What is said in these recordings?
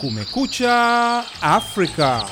Kumekucha Afrika.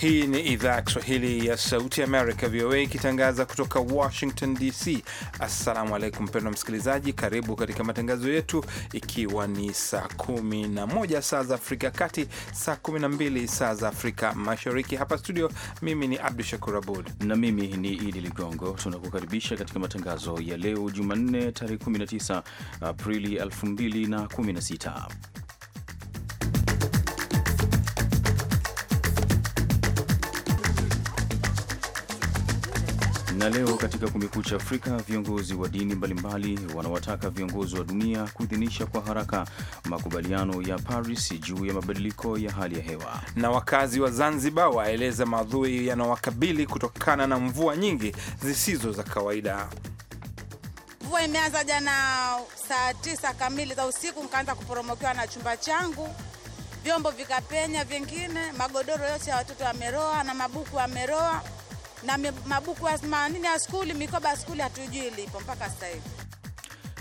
Hii ni idhaa ya Kiswahili ya Sauti Amerika, VOA, ikitangaza kutoka Washington DC. Assalamu alaikum, mpendwa msikilizaji, karibu katika matangazo yetu, ikiwa ni saa 11 saa za Afrika ya Kati, saa 12 saa za Afrika Mashariki. Hapa studio, mimi ni Abdu Shakur Abud na mimi ni Idi Ligongo. Tunakukaribisha katika matangazo ya leo Jumanne, tarehe 19 Aprili 2016. Na leo katika Kumekucha Afrika, viongozi wa dini mbalimbali wanawataka viongozi wa dunia kuidhinisha kwa haraka makubaliano ya Paris juu ya mabadiliko ya hali ya hewa. Na wakazi wa Zanzibar waeleza maadhui yanawakabili kutokana na mvua nyingi zisizo za kawaida. Mvua imeanza jana saa tisa kamili za usiku, nikaanza kuporomokewa na chumba changu, vyombo vikapenya, vingine magodoro yote ya watoto yameroa na mabuku yameroa na mabuku ya manini ya skuli, mikoba ya skuli hatujui ilipo mpaka sasa hivi.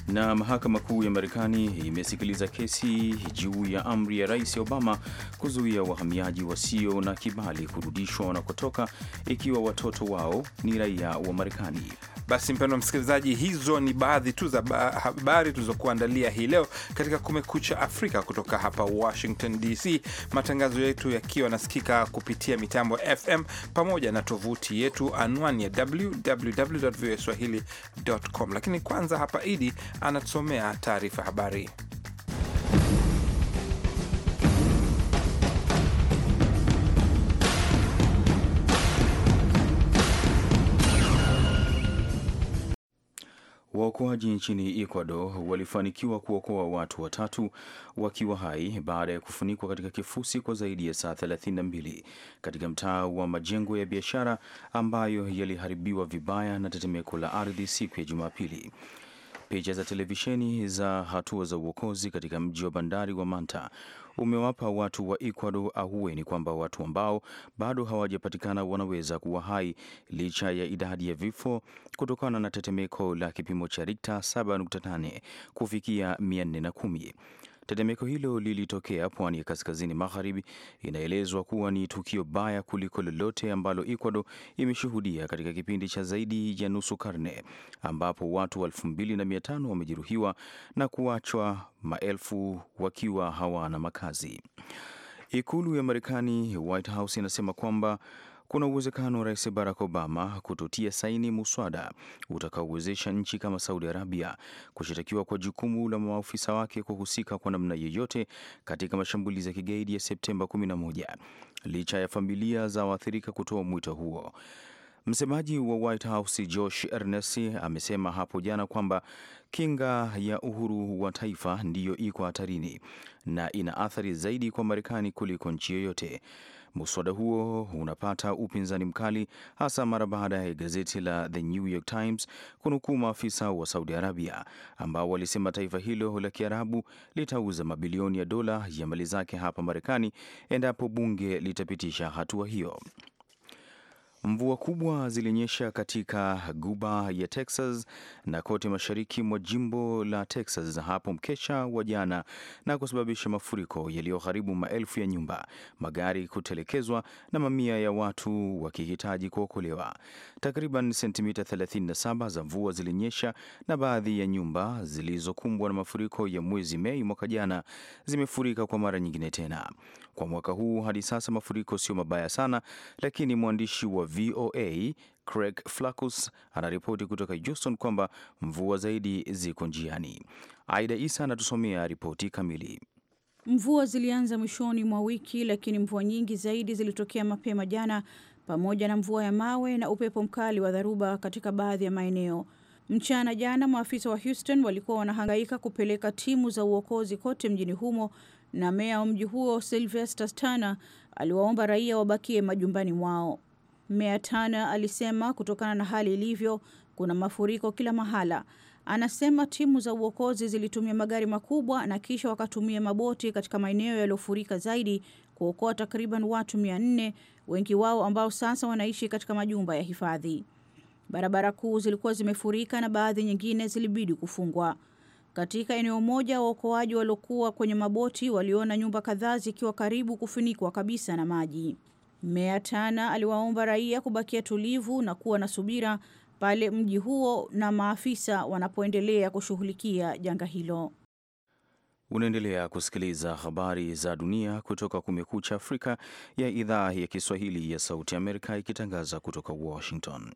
Na mahakama kuu ya Marekani imesikiliza kesi juu ya amri ya Rais Obama kuzuia wahamiaji wasio na kibali kurudishwa wanakotoka ikiwa watoto wao ni raia wa Marekani. Basi mpendwa msikilizaji, hizo ni baadhi tu za habari tulizokuandalia hii leo katika Kumekucha Afrika kutoka hapa Washington DC, matangazo yetu yakiwa yanasikika kupitia mitambo ya FM pamoja na tovuti yetu, anwani ya www Lakini kwanza hapa Idi anatusomea taarifa habari. Waokoaji nchini Ecuador walifanikiwa kuokoa watu watatu wakiwa hai baada ya kufunikwa katika kifusi kwa zaidi ya saa 32 katika mtaa wa majengo ya biashara ambayo yaliharibiwa vibaya na tetemeko la ardhi siku ya Jumapili. Picha za televisheni za hatua za uokozi katika mji wa bandari wa Manta umewapa watu wa Ecuador ahueni kwamba watu ambao bado hawajapatikana wanaweza kuwa hai licha ya idadi ya vifo kutokana na tetemeko la kipimo cha Richter 7.8 kufikia 410. Tetemeko hilo lilitokea pwani ya kaskazini magharibi. Inaelezwa kuwa ni tukio baya kuliko lolote ambalo Ecuador imeshuhudia katika kipindi cha zaidi ya nusu karne, ambapo watu elfu wamejeruhiwa na kuachwa maelfu wakiwa hawana makazi. Ikulu ya Marekani, White House, inasema kwamba kuna uwezekano wa Rais Barack Obama kutotia saini muswada utakaowezesha nchi kama Saudi Arabia kushitakiwa kwa jukumu la maafisa wake kuhusika kwa namna yoyote katika mashambulizi ya kigaidi ya Septemba 11 licha ya familia za waathirika kutoa mwito huo. Msemaji wa White House Josh Earnest amesema hapo jana kwamba kinga ya uhuru wa taifa ndiyo iko hatarini na ina athari zaidi kwa Marekani kuliko nchi yoyote. Muswada huo unapata upinzani mkali, hasa mara baada ya gazeti la The New York Times kunukuu maafisa wa Saudi Arabia ambao walisema taifa hilo la Kiarabu litauza mabilioni ya dola ya mali zake hapa Marekani endapo bunge litapitisha hatua hiyo. Mvua kubwa zilinyesha katika guba ya Texas na kote mashariki mwa jimbo la Texas hapo mkesha wa jana na kusababisha mafuriko yaliyoharibu maelfu ya nyumba, magari kutelekezwa na mamia ya watu wakihitaji kuokolewa. Takriban sentimita 37 za mvua zilinyesha na baadhi ya nyumba zilizokumbwa na mafuriko ya mwezi Mei mwaka jana zimefurika kwa mara nyingine tena. Kwa mwaka huu hadi sasa mafuriko sio mabaya sana, lakini mwandishi wa VOA Craig Flacus anaripoti kutoka Houston kwamba mvua zaidi ziko njiani. Aida Isa anatusomea ripoti kamili. Mvua zilianza mwishoni mwa wiki, lakini mvua nyingi zaidi zilitokea mapema jana, pamoja na mvua ya mawe na upepo mkali wa dharuba katika baadhi ya maeneo. Mchana jana, maafisa wa Houston walikuwa wanahangaika kupeleka timu za uokozi kote mjini humo, na meya wa mji huo Sylvester Stana aliwaomba raia wabakie majumbani mwao. Tana alisema kutokana na hali ilivyo, kuna mafuriko kila mahala. Anasema timu za uokozi zilitumia magari makubwa na kisha wakatumia maboti katika maeneo yaliyofurika zaidi kuokoa takriban watu mia nne, wengi wao ambao sasa wanaishi katika majumba ya hifadhi. Barabara kuu zilikuwa zimefurika na baadhi nyingine zilibidi kufungwa. Katika eneo moja, waokoaji waliokuwa kwenye maboti waliona nyumba kadhaa zikiwa karibu kufunikwa kabisa na maji. Meya Tana aliwaomba raia kubakia tulivu na kuwa na subira pale mji huo na maafisa wanapoendelea kushughulikia janga hilo. Unaendelea kusikiliza habari za dunia kutoka Kumekucha Afrika ya idhaa ya Kiswahili ya Sauti Amerika ikitangaza kutoka Washington.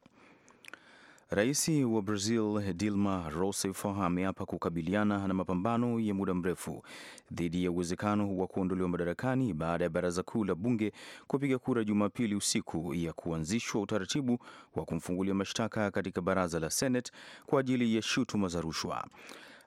Rais wa Brazil Dilma Rousseff ameapa kukabiliana na mapambano ya muda mrefu dhidi ya uwezekano wa kuondolewa madarakani baada ya baraza kuu la bunge kupiga kura Jumapili usiku ya kuanzishwa utaratibu wa kumfungulia mashtaka katika baraza la Senate kwa ajili ya shutuma za rushwa.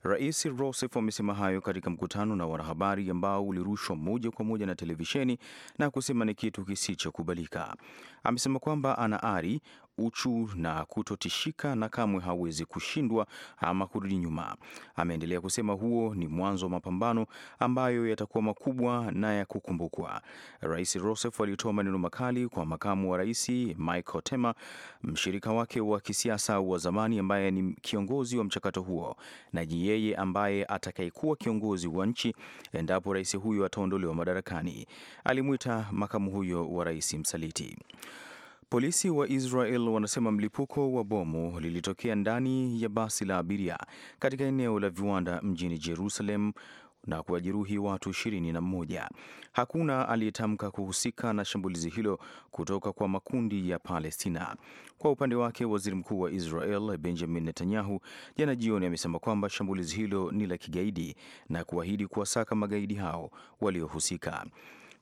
Rais Rousseff amesema hayo katika mkutano na wanahabari ambao ulirushwa moja kwa moja na televisheni na kusema ni kitu kisichokubalika. Amesema kwamba ana ari uchu na kutotishika na kamwe hawezi kushindwa ama kurudi nyuma. Ameendelea kusema huo ni mwanzo wa mapambano ambayo yatakuwa makubwa na ya kukumbukwa. Rais Rousseff alitoa maneno makali kwa makamu wa rais Michael Temer, mshirika wake wa kisiasa wa zamani ambaye ni kiongozi wa mchakato huo, na ni yeye ambaye atakayekuwa kiongozi wa nchi endapo rais huyo ataondolewa madarakani. Alimwita makamu huyo wa rais msaliti. Polisi wa Israel wanasema mlipuko wa bomu lilitokea ndani ya basi la abiria katika eneo la viwanda mjini Jerusalem na kuwajeruhi watu 21. mmoja. Hakuna aliyetamka kuhusika na shambulizi hilo kutoka kwa makundi ya Palestina. Kwa upande wake, waziri mkuu wa Israel Benjamin Netanyahu jana jioni amesema kwamba shambulizi hilo ni la kigaidi na kuahidi kuwasaka magaidi hao waliohusika.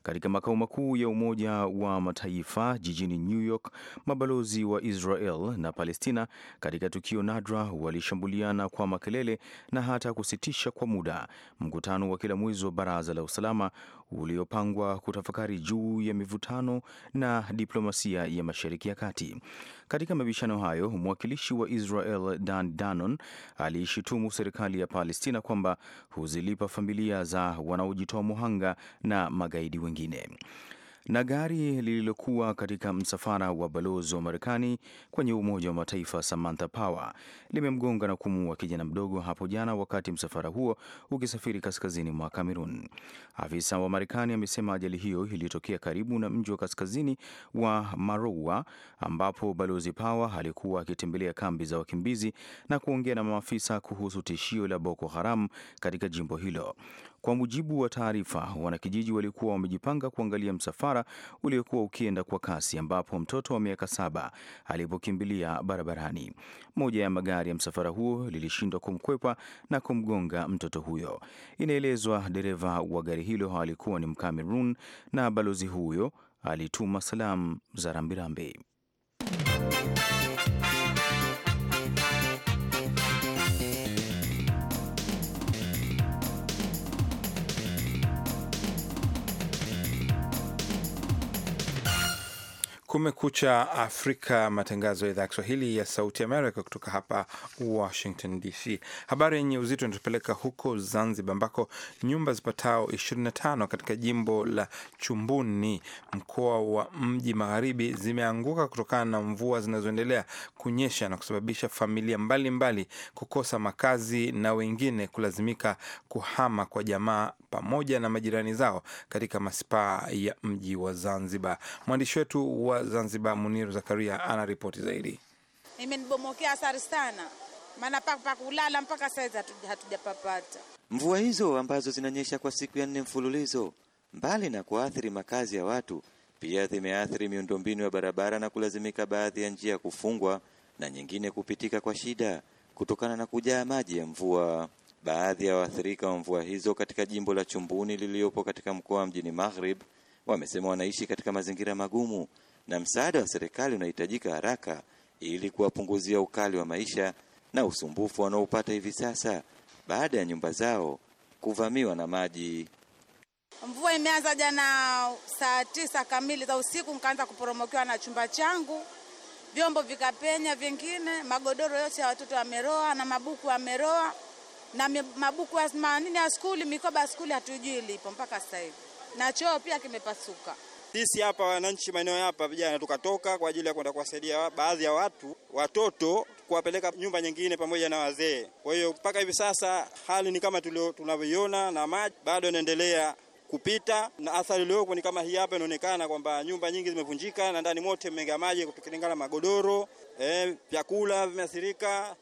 Katika makao makuu ya Umoja wa Mataifa jijini New York, mabalozi wa Israel na Palestina katika tukio nadra walishambuliana kwa makelele na hata kusitisha kwa muda mkutano wa kila mwezi wa Baraza la Usalama uliopangwa kutafakari juu ya mivutano na diplomasia ya Mashariki ya Kati. Katika mabishano hayo, mwakilishi wa Israel Dan Danon aliishutumu serikali ya Palestina kwamba huzilipa familia za wanaojitoa muhanga na magaidi wengine na gari lililokuwa katika msafara wa balozi wa Marekani kwenye Umoja wa Mataifa Samantha Power limemgonga na kumuua kijana mdogo hapo jana wakati msafara huo ukisafiri kaskazini mwa Kamerun. Afisa wa Marekani amesema ajali hiyo ilitokea karibu na mji wa kaskazini wa Maroua ambapo balozi Power alikuwa akitembelea kambi za wakimbizi na kuongea na maafisa kuhusu tishio la Boko Haram katika jimbo hilo. Kwa mujibu wa taarifa, wanakijiji walikuwa wamejipanga kuangalia msafara uliokuwa ukienda kwa kasi, ambapo mtoto wa miaka saba alipokimbilia barabarani, moja ya magari ya msafara huo lilishindwa kumkwepa na kumgonga mtoto huyo. Inaelezwa dereva wa gari hilo alikuwa ni Mkamerun na balozi huyo alituma salamu za rambirambi. Kumekucha Afrika, matangazo ya idhaa ya Kiswahili ya Sauti Amerika kutoka hapa Washington DC. Habari yenye uzito inatupeleka huko Zanzibar, ambako nyumba zipatao 25 katika jimbo la Chumbuni, mkoa wa Mji Magharibi, zimeanguka kutokana na mvua zinazoendelea kunyesha na kusababisha familia mbalimbali mbali kukosa makazi na wengine kulazimika kuhama kwa jamaa pamoja na majirani zao katika masipaa ya mji wa Zanzibar. Mwandishi wetu wa Zanzibar, Muniru Zakaria anaripoti zaidi. Imenibomokea asari sana, maana kulala mpaka sasa hatujapapata. Mvua hizo ambazo zinanyesha kwa siku ya nne mfululizo, mbali na kuathiri makazi ya watu, pia zimeathiri miundombinu ya barabara na kulazimika baadhi ya njia kufungwa na nyingine kupitika kwa shida kutokana na kujaa maji ya mvua. Baadhi ya waathirika wa mvua hizo katika jimbo la Chumbuni lililopo katika mkoa wa Mjini maghrib wamesema wanaishi katika mazingira magumu na msaada wa serikali unahitajika haraka ili kuwapunguzia ukali wa maisha na usumbufu wanaopata hivi sasa baada ya nyumba zao kuvamiwa na maji. Mvua imeanza jana saa tisa kamili za usiku, nikaanza kuporomokewa na chumba changu, vyombo vikapenya, vingine magodoro yote ya watoto yameroa na mabuku yameroa na mabuku ya manini ya skuli, mikoba ya skuli hatujui ilipo mpaka sasa hivi, na choo pia kimepasuka. Sisi hapa wananchi maeneo hapa vijana tukatoka kwa ajili ya kwenda kuwasaidia baadhi ya watu watoto kuwapeleka nyumba nyingine pamoja na wazee. Kwa hiyo mpaka hivi sasa hali ni kama tunavyoiona, na maji bado yanaendelea kupita na athari iliyopo ni kama hii hapa inaonekana kwamba nyumba nyingi zimevunjika na ndani mote mmega maji, tukilingana magodoro, eh, vyakula eh, vimeathirika.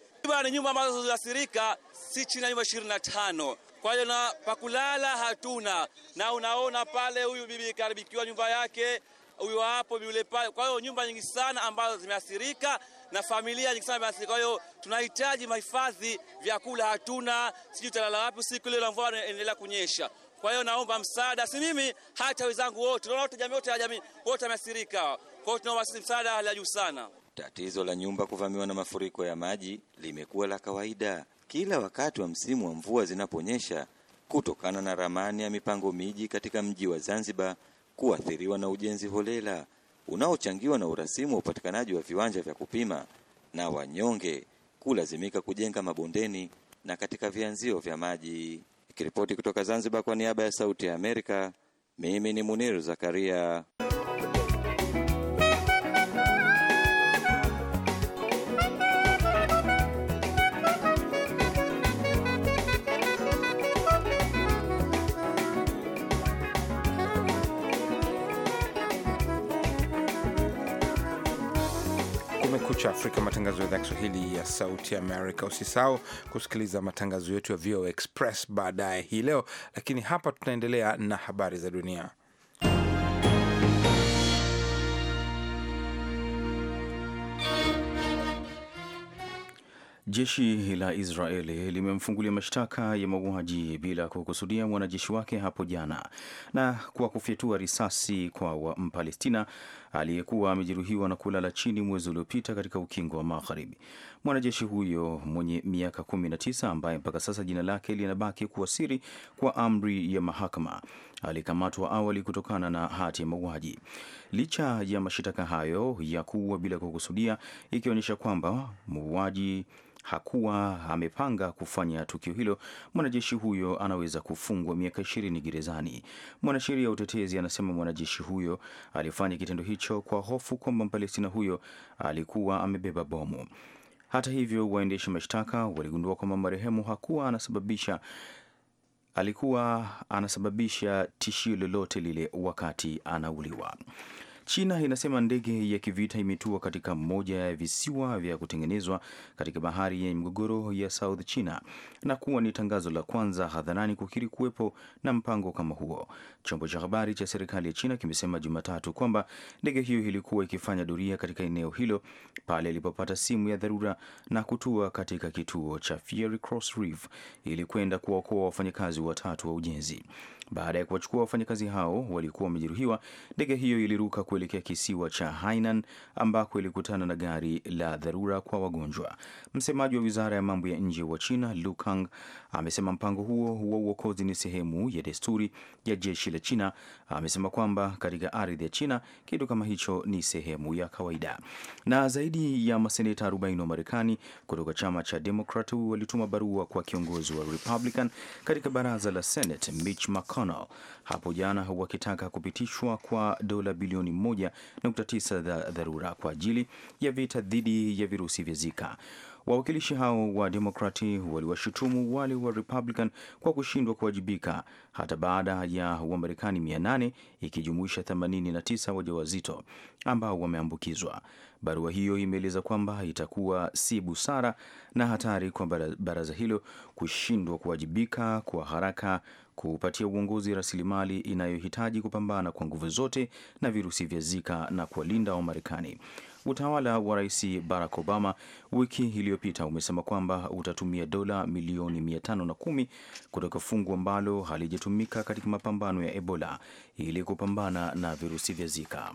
Nyumba ambazo ziliathirika si chini ya nyumba ishirini na tano. Kwa hiyo na pakulala hatuna, na unaona pale huyu bibi karibikiwa nyumba yake huyo hapo yule pale. Kwa hiyo nyumba nyingi sana ambazo zimeathirika na familia nyingi sana basi. Kwa hiyo tunahitaji mahifadhi, vyakula hatuna, sijui talala wapi siku ile mvua inaendelea kunyesha. Kwa hiyo naomba msaada, si mimi, hata wenzangu wote, naona wote, jamii yote ya jamii wote wameathirika. Kwa hiyo tunaomba sisi msaada hali ya juu sana. Tatizo la nyumba kuvamiwa na mafuriko ya maji limekuwa la kawaida kila wakati wa msimu wa mvua zinaponyesha, kutokana na ramani ya mipango miji katika mji wa Zanzibar kuathiriwa na ujenzi holela unaochangiwa na urasimu wa upatikanaji wa viwanja vya kupima na wanyonge kulazimika kujenga mabondeni na katika vianzio vya maji. Ikiripoti kutoka Zanzibar kwa niaba ya Sauti ya Amerika, mimi ni Muniru Zakaria. Kumekucha Afrika, matangazo ya idhaa Kiswahili ya Sauti Amerika. Usisahau kusikiliza matangazo yetu ya VOA Express baadaye hii leo, lakini hapa tunaendelea na habari za dunia. Jeshi la Israeli limemfungulia mashtaka ya mauaji bila kukusudia mwanajeshi wake hapo jana na kwa kufyatua risasi kwa Mpalestina aliyekuwa amejeruhiwa na kulala chini mwezi uliopita katika ukingo wa Magharibi. Mwanajeshi huyo mwenye miaka 19 ambaye mpaka sasa jina lake linabaki kuwa siri kwa amri ya mahakama alikamatwa awali kutokana na hati ya mauaji, licha ya mashitaka hayo ya kuua bila kukusudia, ikionyesha kwamba muuaji hakuwa amepanga kufanya tukio hilo. Mwanajeshi huyo anaweza kufungwa miaka ishirini gerezani. Mwanasheria utetezi anasema mwanajeshi huyo alifanya kitendo hicho macho kwa hofu kwamba Mpalestina huyo alikuwa amebeba bomu. Hata hivyo, waendesha mashtaka waligundua kwamba marehemu hakuwa anasababisha alikuwa anasababisha tishio lolote lile wakati anauliwa. China inasema ndege ya kivita imetua katika moja ya visiwa vya kutengenezwa katika bahari ya mgogoro ya South China na kuwa ni tangazo la kwanza hadharani kukiri kuwepo na mpango kama huo. Chombo cha habari cha serikali ya China kimesema Jumatatu kwamba ndege hiyo ilikuwa ikifanya doria katika eneo hilo pale ilipopata simu ya dharura na kutua katika kituo cha Fiery Cross Reef ili kwenda kuwaokoa wafanyakazi watatu wa ujenzi. Baada ya kuwachukua wafanyakazi hao walikuwa wamejeruhiwa, ndege hiyo iliruka kuelekea kisiwa cha Hainan ambako ilikutana na gari la dharura kwa wagonjwa. Msemaji wa wizara ya mambo ya nje wa China Lu Kang amesema mpango huo wa uokozi ni sehemu ya desturi ya jeshi la China. Amesema kwamba katika ardhi ya China kitu kama hicho ni sehemu ya kawaida. Na zaidi ya maseneta 40 wa Marekani kutoka chama cha demokrat walituma barua kwa kiongozi wa Republican katika baraza la Senate Mitch McConnell McConnell hapo jana wakitaka kupitishwa kwa dola bilioni 1.9 za dharura kwa ajili ya vita dhidi ya virusi vya Zika. Wawakilishi hao wa Demokrati waliwashutumu wale wa Republican kwa kushindwa kuwajibika hata baada ya Wamarekani 800 ikijumuisha 89 wajawazito ambao wameambukizwa. Barua hiyo imeeleza kwamba itakuwa si busara na hatari kwa baraza hilo kushindwa kuwajibika kwa haraka kupatia uongozi rasilimali inayohitaji kupambana kwa nguvu zote na virusi vya Zika na kuwalinda Wamarekani. Utawala wa Rais Barack Obama wiki iliyopita umesema kwamba utatumia dola milioni 510 kutoka fungu ambalo halijatumika katika mapambano ya Ebola ili kupambana na virusi vya Zika.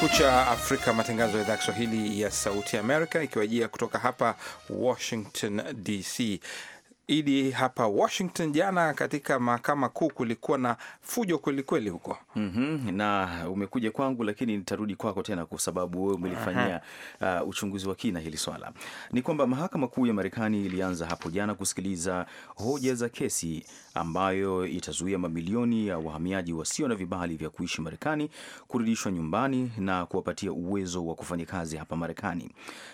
Kumekucha Afrika, matangazo ya idhaa Kiswahili ya Sauti Amerika ikiwajia kutoka hapa Washington DC. Idi, hapa Washington jana katika mahakama kuu kulikuwa na fujo kwelikweli huko. mm -hmm. Na umekuja kwangu, lakini nitarudi kwako tena kwa sababu wewe umelifanyia uh, uchunguzi wa kina hili swala. Ni kwamba mahakama kuu ya Marekani ilianza hapo jana kusikiliza hoja za kesi ambayo itazuia mamilioni ya wahamiaji wasio na vibali vya kuishi Marekani kurudishwa nyumbani na kuwapatia uwezo wa kufanya kazi hapa Marekani,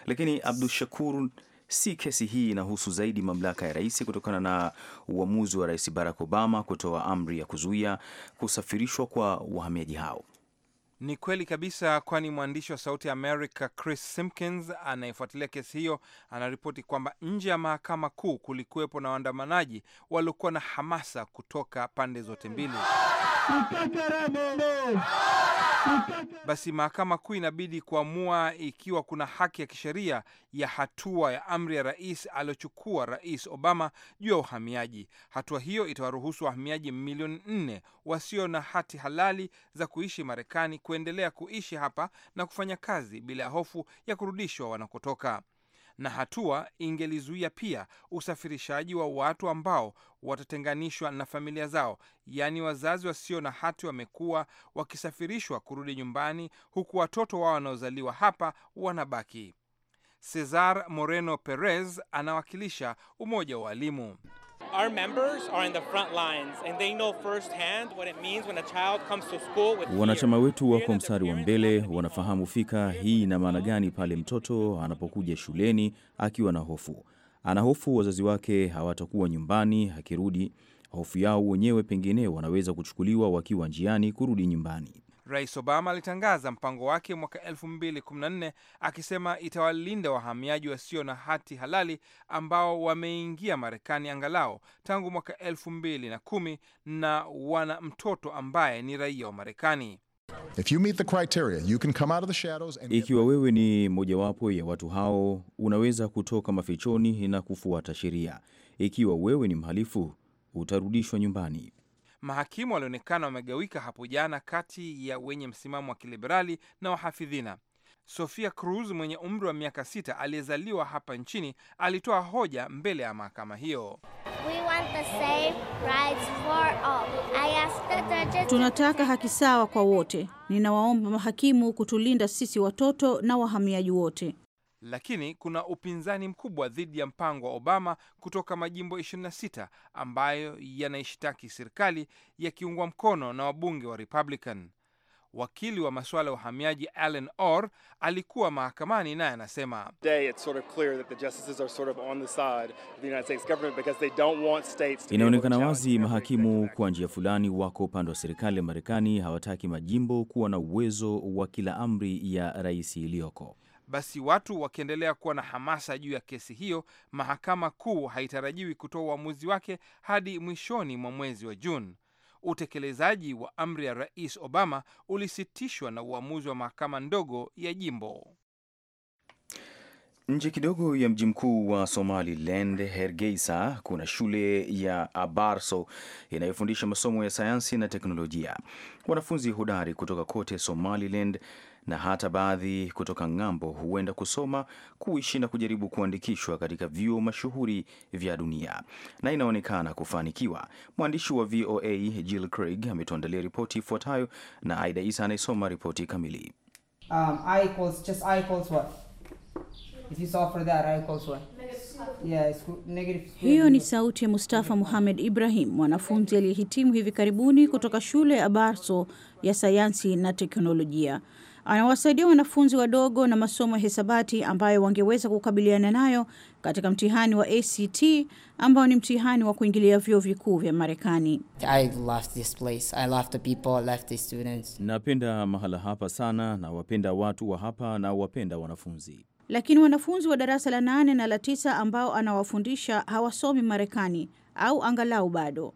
lakini Abdushakur si kesi hii inahusu zaidi mamlaka ya rais kutokana na uamuzi wa Rais Barack Obama kutoa amri ya kuzuia kusafirishwa kwa wahamiaji hao. Ni kweli kabisa, kwani mwandishi wa Sauti ya America Chris Simpkins anayefuatilia kesi hiyo anaripoti kwamba nje ya mahakama kuu kulikuwepo na waandamanaji waliokuwa na hamasa kutoka pande zote mbili basi mahakama kuu inabidi kuamua ikiwa kuna haki ya kisheria ya hatua ya amri ya rais aliyochukua Rais Obama juu ya uhamiaji. Hatua hiyo itawaruhusu wahamiaji milioni nne wasio na hati halali za kuishi Marekani kuendelea kuishi hapa na kufanya kazi bila ya hofu ya kurudishwa wanakotoka na hatua ingelizuia pia usafirishaji wa watu ambao watatenganishwa na familia zao, yaani wazazi wasio na hati wamekuwa wakisafirishwa kurudi nyumbani, huku watoto wao wanaozaliwa hapa wanabaki. Cesar Moreno Perez anawakilisha umoja wa walimu. Our members are in the front lines and they know firsthand what it means when a child comes to school with Wanachama wetu wako mstari wa mbele, wanafahamu fika hii ina maana gani pale mtoto anapokuja shuleni akiwa na hofu. Ana hofu wazazi wake hawatakuwa nyumbani akirudi. Hofu yao wenyewe pengine wanaweza kuchukuliwa wakiwa njiani kurudi nyumbani. Rais Obama alitangaza mpango wake mwaka 2014 akisema itawalinda wahamiaji wasio na hati halali ambao wameingia Marekani angalau tangu mwaka 2010 na wana mtoto ambaye ni raia wa Marekani. Ikiwa wewe ni mojawapo ya watu hao, unaweza kutoka mafichoni na kufuata sheria. Ikiwa wewe ni mhalifu, utarudishwa nyumbani. Mahakimu walionekana wamegawika hapo jana kati ya wenye msimamo wa kiliberali na wahafidhina. Sofia Cruz mwenye umri wa miaka sita aliyezaliwa hapa nchini alitoa hoja mbele ya mahakama hiyo. Tunataka haki sawa kwa wote. Ninawaomba mahakimu kutulinda sisi watoto na wahamiaji wote lakini kuna upinzani mkubwa dhidi ya mpango wa Obama kutoka majimbo 26 ambayo yanaishitaki serikali yakiungwa mkono na wabunge wa Republican. Wakili wa masuala ya uhamiaji Alan Orr alikuwa mahakamani naye anasema inaonekana wazi mahakimu kwa njia fulani wako upande wa serikali ya Marekani, hawataki majimbo kuwa na uwezo wa kila amri ya rais iliyoko basi watu wakiendelea kuwa na hamasa juu ya kesi hiyo, mahakama kuu haitarajiwi kutoa uamuzi wake hadi mwishoni mwa mwezi wa Juni. Utekelezaji wa amri ya Rais Obama ulisitishwa na uamuzi wa mahakama ndogo ya jimbo. Nje kidogo ya mji mkuu wa Somaliland, Hergeisa, kuna shule ya Abarso inayofundisha masomo ya sayansi na teknolojia. Wanafunzi hodari kutoka kote Somaliland na hata baadhi kutoka ng'ambo huenda kusoma, kuishi na kujaribu kuandikishwa katika vyuo mashuhuri vya dunia na inaonekana kufanikiwa. Mwandishi wa VOA Jill Craig ametuandalia ripoti ifuatayo na Aida Isa anayesoma ripoti kamili. Um, I equals, just I equals what? hiyo ni sauti ya Mustafa Muhamed Ibrahim, mwanafunzi aliyehitimu hivi karibuni kutoka shule ya Barso ya sayansi na teknolojia anawasaidia wanafunzi wadogo na masomo ya hisabati ambayo wangeweza kukabiliana nayo katika mtihani wa ACT ambao ni mtihani wa kuingilia vyuo vikuu vya Marekani. Napenda mahala hapa sana na wapenda watu wa hapa na wapenda wanafunzi. Lakini wanafunzi wa darasa la nane na la tisa ambao anawafundisha hawasomi Marekani au angalau bado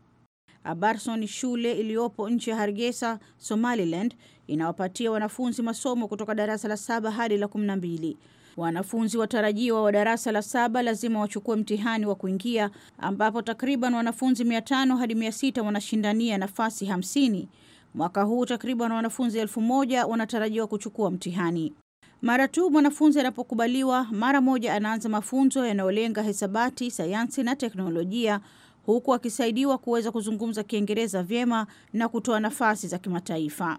Abarson ni shule iliyopo nchi ya Hargeisa, Somaliland, inawapatia wanafunzi masomo kutoka darasa la saba hadi la kumi na mbili. Wanafunzi watarajiwa wa darasa la saba lazima wachukue mtihani wa kuingia ambapo takriban wanafunzi mia tano hadi mia sita wanashindania nafasi hamsini. Mwaka huu takriban wanafunzi elfu moja wanatarajiwa kuchukua mtihani. Mara tu mwanafunzi anapokubaliwa, mara moja anaanza mafunzo yanayolenga hesabati, sayansi na teknolojia huku akisaidiwa kuweza kuzungumza Kiingereza vyema na kutoa nafasi za kimataifa.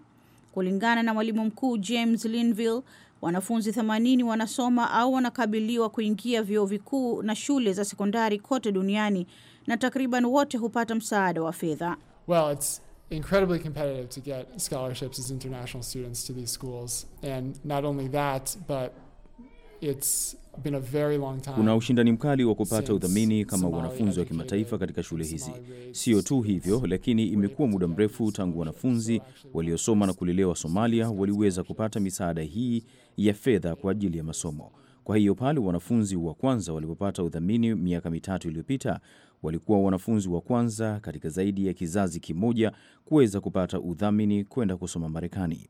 Kulingana na mwalimu mkuu James Linville, wanafunzi 80 wanasoma au wanakabiliwa kuingia vyuo vikuu na shule za sekondari kote duniani na takriban wote hupata msaada wa fedha. Well, it's incredibly competitive to get scholarships as international students to these schools and not only that but kuna ushindani mkali wa kupata udhamini kama wanafunzi wa kimataifa katika shule hizi. Sio tu hivyo, lakini imekuwa muda mrefu tangu wanafunzi waliosoma na kulelewa Somalia waliweza kupata misaada hii ya fedha kwa ajili ya masomo. Kwa hiyo pale wanafunzi wa kwanza walipopata udhamini miaka mitatu iliyopita, walikuwa wanafunzi wa kwanza katika zaidi ya kizazi kimoja kuweza kupata udhamini kwenda kusoma Marekani.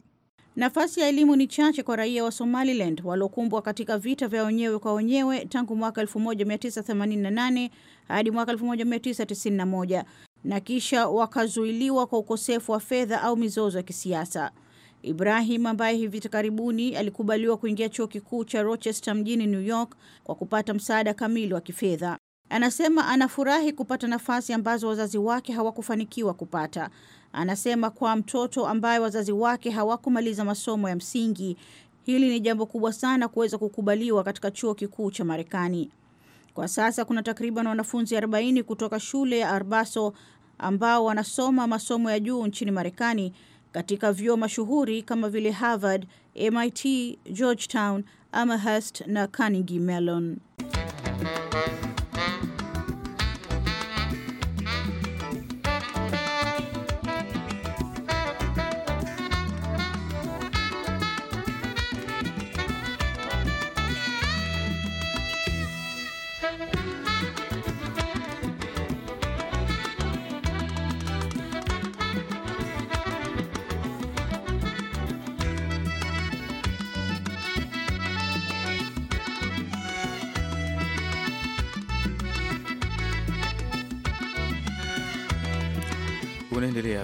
Nafasi ya elimu ni chache kwa raia wa Somaliland waliokumbwa katika vita vya wenyewe kwa wenyewe tangu mwaka 1988 hadi mwaka 1991 na kisha wakazuiliwa kwa ukosefu wa fedha au mizozo ya kisiasa. Ibrahim ambaye hivi karibuni alikubaliwa kuingia chuo kikuu cha Rochester mjini New York kwa kupata msaada kamili wa kifedha, anasema anafurahi kupata nafasi ambazo wazazi wake hawakufanikiwa kupata. Anasema kwa mtoto ambaye wazazi wake hawakumaliza masomo ya msingi, hili ni jambo kubwa sana kuweza kukubaliwa katika chuo kikuu cha Marekani. Kwa sasa kuna takriban wanafunzi 40 kutoka shule ya Arbaso ambao wanasoma masomo ya juu nchini Marekani katika vyuo mashuhuri kama vile Harvard, MIT, Georgetown, Amherst na Carnegie Mellon.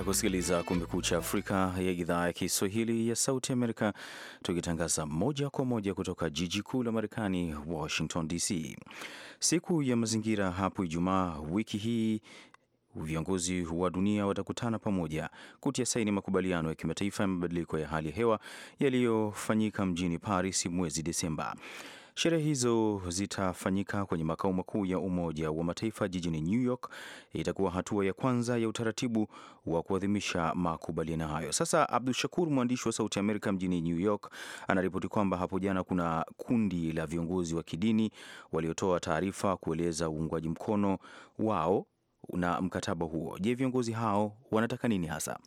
kusikiliza Kumekucha Afrika ya idhaa ya Kiswahili ya Sauti Amerika, tukitangaza moja kwa moja kutoka jiji kuu la Marekani, Washington DC. Siku ya mazingira hapo Ijumaa wiki hii Viongozi wa dunia watakutana pamoja kutia saini makubaliano ya kimataifa ya mabadiliko ya hali ya hewa yaliyofanyika mjini Paris mwezi Desemba. Sherehe hizo zitafanyika kwenye makao makuu ya Umoja wa Mataifa jijini New York. Itakuwa hatua ya kwanza ya utaratibu wa kuadhimisha makubaliano hayo. Sasa Abdu Shakur, mwandishi wa Sauti Amerika mjini New York, anaripoti kwamba hapo jana kuna kundi la viongozi wa kidini waliotoa taarifa kueleza uungwaji mkono wao na mkataba huo. Je, viongozi hao wanataka nini hasa?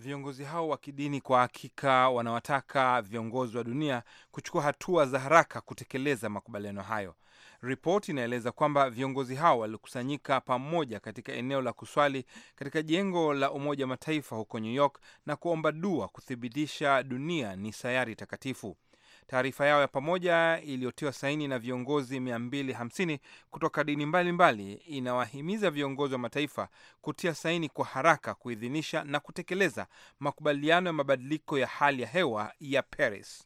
Viongozi hao wa kidini kwa hakika wanawataka viongozi wa dunia kuchukua hatua za haraka kutekeleza makubaliano hayo. Ripoti inaeleza kwamba viongozi hao walikusanyika pamoja katika eneo la kuswali katika jengo la Umoja wa Mataifa huko New York na kuomba dua kuthibitisha dunia ni sayari takatifu. Taarifa yao ya pamoja iliyotiwa saini na viongozi 250 kutoka dini mbalimbali mbali, inawahimiza viongozi wa mataifa kutia saini kwa haraka kuidhinisha na kutekeleza makubaliano ya mabadiliko ya hali ya hewa ya Paris.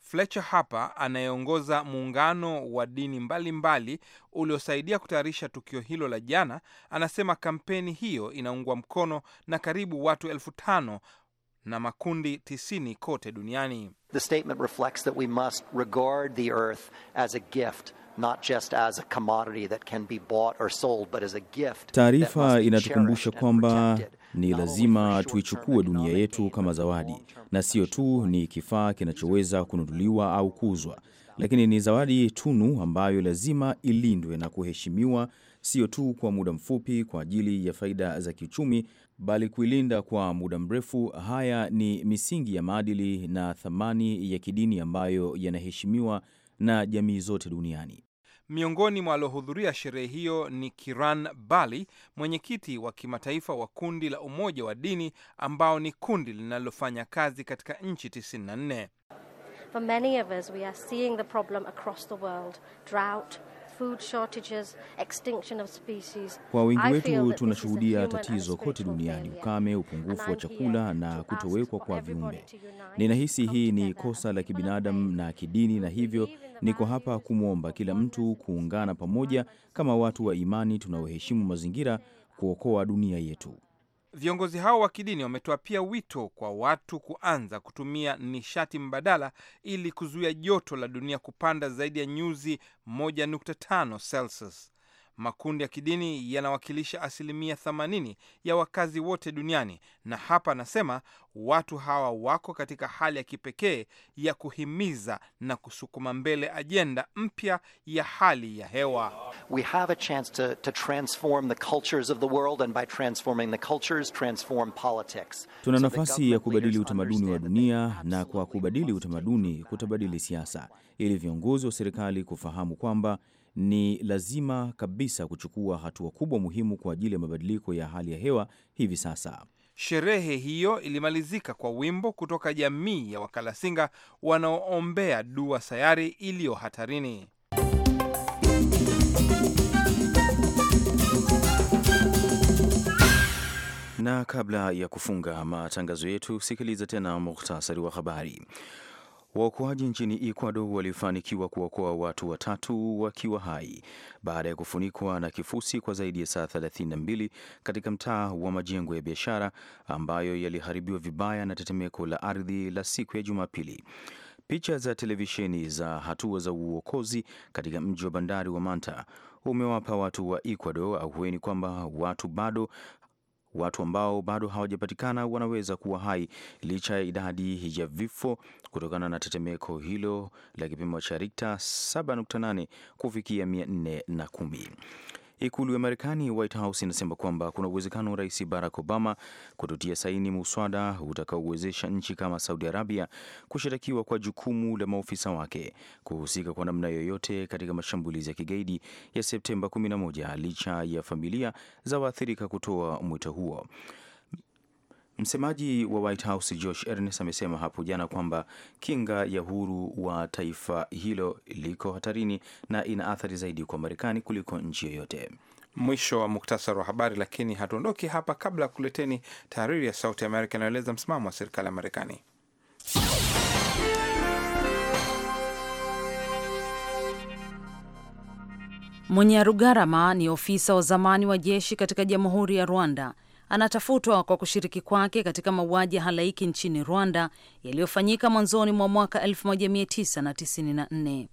Fletcher Harper anayeongoza muungano wa dini mbalimbali uliosaidia kutayarisha tukio hilo la jana, anasema kampeni hiyo inaungwa mkono na karibu watu elfu tano na makundi tisini kote duniani. The statement reflects that we must regard the earth as a gift Taarifa inatukumbusha kwamba ni lazima tuichukue dunia yetu kama zawadi, na sio tu ni kifaa kinachoweza kununuliwa au kuuzwa, lakini ni zawadi tunu ambayo lazima ilindwe na kuheshimiwa, sio tu kwa muda mfupi kwa ajili ya faida za kiuchumi, bali kuilinda kwa muda mrefu. Haya ni misingi ya maadili na thamani ya kidini ambayo yanaheshimiwa na jamii zote duniani. Miongoni mwa waliohudhuria sherehe hiyo ni Kiran Bali, mwenyekiti wa kimataifa wa kundi la Umoja wa Dini, ambao ni kundi linalofanya kazi katika nchi 94 food shortages, extinction of species. Kwa wengi wetu tunashuhudia tatizo kote duniani, ukame, upungufu wa chakula na kutowekwa kwa viumbe. Ninahisi hii ni kosa la kibinadamu na kidini, na hivyo niko hapa kumwomba kila mtu kuungana pamoja kama watu wa imani tunaoheshimu mazingira kuokoa dunia yetu. Viongozi hao wa kidini wametoa pia wito kwa watu kuanza kutumia nishati mbadala ili kuzuia joto la dunia kupanda zaidi ya nyuzi 1.5 Celsius. Makundi ya kidini yanawakilisha asilimia 80 ya wakazi wote duniani, na hapa anasema watu hawa wako katika hali ya kipekee ya kuhimiza na kusukuma mbele ajenda mpya ya hali ya hewa. We have a chance to, to transform the cultures of the world and by transforming the cultures transform politics. Tuna nafasi ya kubadili utamaduni wa dunia na kwa kubadili utamaduni kutabadili siasa, ili viongozi wa serikali kufahamu kwamba ni lazima kabisa kuchukua hatua kubwa muhimu kwa ajili ya mabadiliko ya hali ya hewa hivi sasa. Sherehe hiyo ilimalizika kwa wimbo kutoka jamii ya Wakalasinga wanaoombea dua sayari iliyo hatarini. Na kabla ya kufunga matangazo yetu, sikiliza tena muhtasari wa habari. Waokoaji nchini Ecuador walifanikiwa kuokoa watu watatu wakiwa hai baada ya kufunikwa na kifusi kwa zaidi ya saa 32 katika mtaa wa majengo ya biashara ambayo yaliharibiwa vibaya na tetemeko la ardhi la siku ya Jumapili. Picha za televisheni za hatua za uokozi katika mji wa bandari wa Manta umewapa watu wa Ecuador ahueni kwamba watu bado watu ambao bado hawajapatikana wanaweza kuwa hai licha ya idadi ya vifo kutokana na tetemeko hilo la kipimo cha Richter 7.8 kufikia 410. Ikulu ya Marekani, White House, inasema kwamba kuna uwezekano Rais Barack Obama kutotia saini muswada utakaowezesha nchi kama Saudi Arabia kushitakiwa kwa jukumu la maofisa wake kuhusika kwa namna yoyote katika mashambulizi ya kigaidi ya Septemba 11 licha ya familia za waathirika kutoa mwito huo. Msemaji wa White House Josh Earnest amesema hapo jana kwamba kinga ya uhuru wa taifa hilo liko hatarini na ina athari zaidi kwa Marekani kuliko nchi yoyote. Mwisho wa muktasari wa habari, lakini hatuondoki hapa kabla ya kuleteni tahariri ya Sauti ya Amerika inayoeleza msimamo wa serikali ya Marekani. Munyarugarama ni ofisa wa zamani wa jeshi katika jamhuri ya Rwanda anatafutwa kwa kushiriki kwake katika mauaji ya halaiki nchini Rwanda yaliyofanyika mwanzoni mwa mwaka 1994.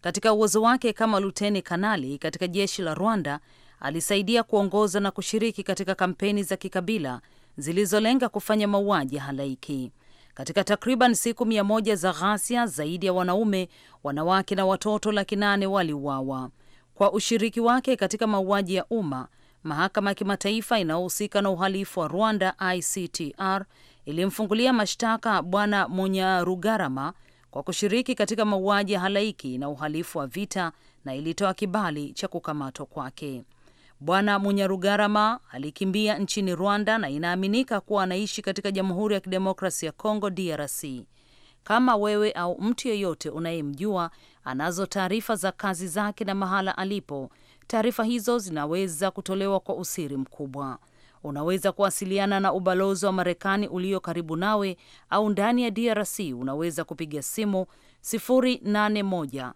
Katika uwezo wake kama luteni kanali katika jeshi la Rwanda, alisaidia kuongoza na kushiriki katika kampeni za kikabila zilizolenga kufanya mauaji ya halaiki. Katika takriban siku mia moja za ghasia, zaidi ya wanaume, wanawake na watoto laki nane waliuawa kwa ushiriki wake katika mauaji ya umma. Mahakama ya Kimataifa inayohusika na uhalifu wa Rwanda, ICTR, ilimfungulia mashtaka Bwana Munyarugarama kwa kushiriki katika mauaji ya halaiki na uhalifu wa vita na ilitoa kibali cha kukamatwa kwake. Bwana Munyarugarama alikimbia nchini Rwanda na inaaminika kuwa anaishi katika Jamhuri ya Kidemokrasi ya congo DRC. Kama wewe au mtu yeyote unayemjua anazo taarifa za kazi zake na mahala alipo, taarifa hizo zinaweza kutolewa kwa usiri mkubwa. Unaweza kuwasiliana na ubalozi wa Marekani ulio karibu nawe au ndani ya DRC unaweza kupiga simu 081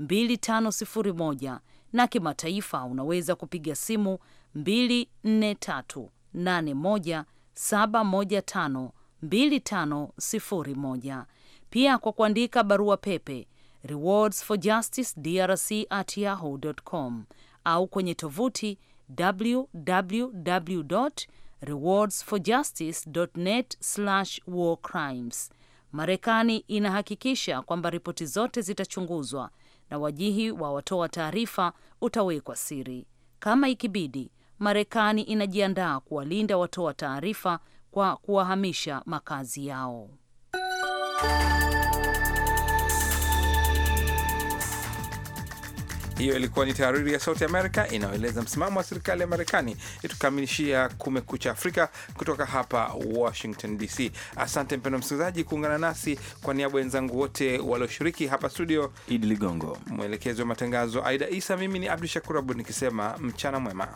2501 na kimataifa unaweza kupiga simu 243 2501. Pia kwa kuandika barua pepe rewards for justice DRC at yahoo com au kwenye tovuti www rewards for justice net war crimes. Marekani inahakikisha kwamba ripoti zote zitachunguzwa na wajihi wa watoa taarifa utawekwa siri. Kama ikibidi, Marekani inajiandaa kuwalinda watoa taarifa kwa kuwahamisha makazi yao. Hiyo ilikuwa ni tahariri ya Sauti Amerika inayoeleza msimamo wa serikali ya Marekani. Itukamilishia Kumekucha Afrika kutoka hapa Washington DC. Asante mpendo msikilizaji kuungana nasi. Kwa niaba wenzangu wote walioshiriki hapa studio, Idi Ligongo mwelekezi wa matangazo, Aida Isa, mimi ni Abdu Shakur Abud nikisema mchana mwema.